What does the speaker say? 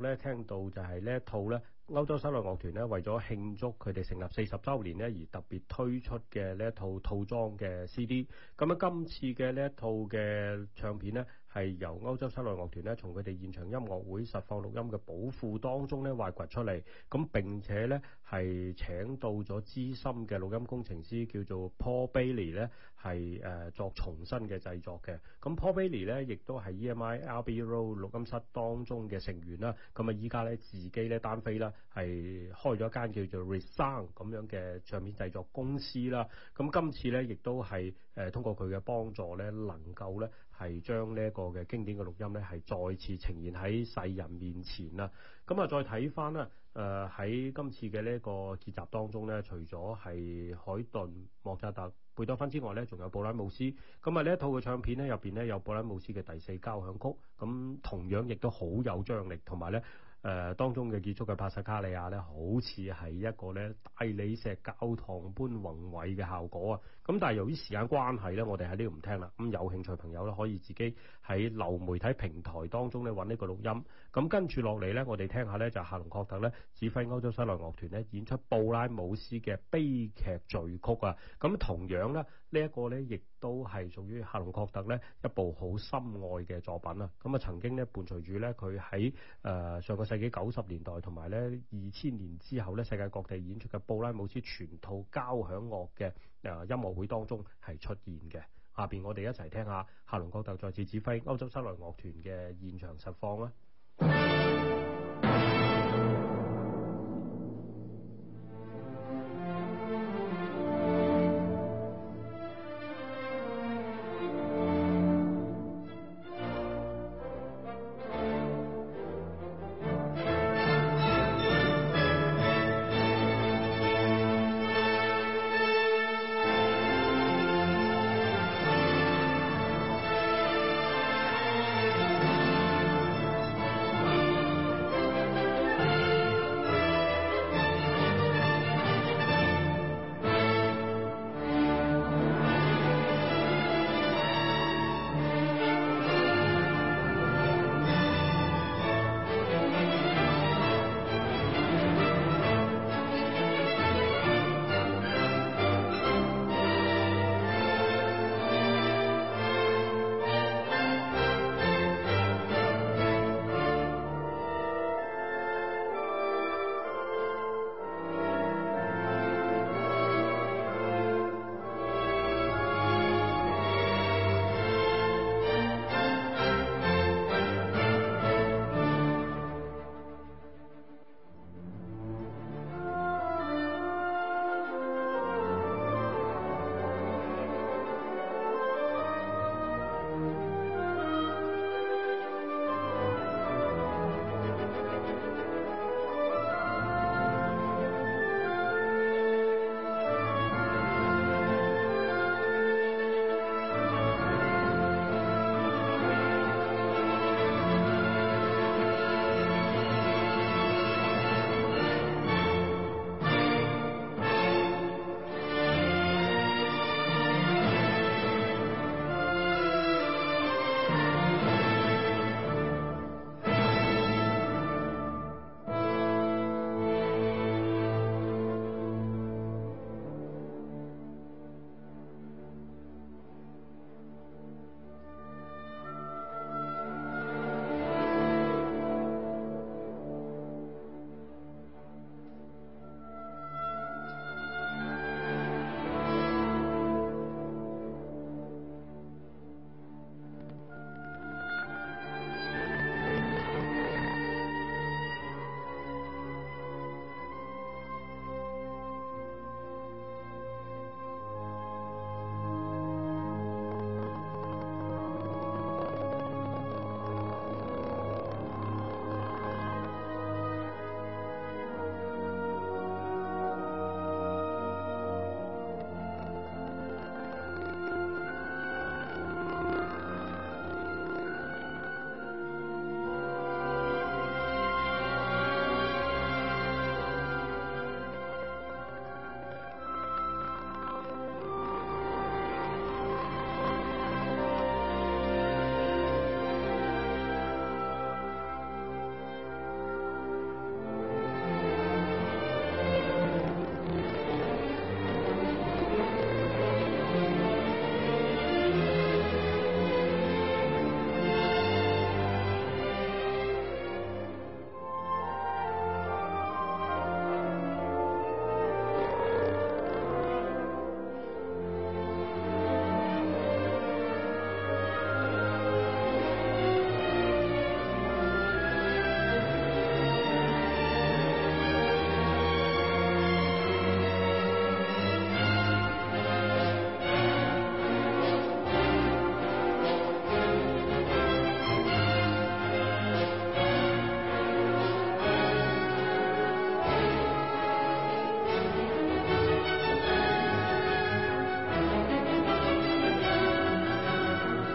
咧聽到就係呢一套咧。歐洲室內樂團咧，為咗慶祝佢哋成立四十週年咧，而特別推出嘅呢一套套裝嘅 CD。咁樣今次嘅呢一套嘅唱片咧，係由歐洲室內樂團咧，從佢哋現場音樂會實放錄音嘅寶庫當中咧，挖掘出嚟。咁並且咧係請到咗資深嘅錄音工程師叫做 Paul Bailey 咧，係誒作重新嘅製作嘅。咁 Paul Bailey 咧，亦都係 EMI Abbey Road 錄音室當中嘅成員啦。咁啊，依家咧自己咧單飛啦。係開咗間叫做 Resound 咁樣嘅唱片製作公司啦，咁今次呢，亦都係誒通過佢嘅幫助呢，能夠呢係將呢一個嘅經典嘅錄音呢，係再次呈現喺世人面前啦。咁啊，再睇翻啦，誒喺今次嘅呢一個結集當中呢，除咗係海頓、莫扎特、貝多芬之外呢，仲有布拉姆斯。咁啊，呢一套嘅唱片呢，入邊呢有布拉姆斯嘅第四交響曲，咁同樣亦都好有張力，同埋呢。誒當中嘅結束嘅帕薩卡利亞咧，好似係一個咧大理石教堂般宏偉嘅效果啊！咁但係由於時間關係咧，我哋喺呢度唔聽啦。咁有興趣朋友咧，可以自己喺流媒體平台當中咧揾呢個錄音。咁跟住落嚟咧，我哋聽下咧就係克隆克特咧指揮歐洲室內樂團咧演出布拉姆斯嘅悲劇序曲啊！咁同樣咧呢一個咧亦都係屬於克隆克特咧一部好深愛嘅作品啊！咁啊曾經咧伴隨住咧佢喺誒上個世世紀九十年代同埋咧二千年之後咧世界各地演出嘅布拉姆斯全套交響樂嘅誒音樂會當中係出現嘅，下邊我哋一齊聽，聽下夏倫國特再次指揮歐洲室內樂團嘅現場實況啦。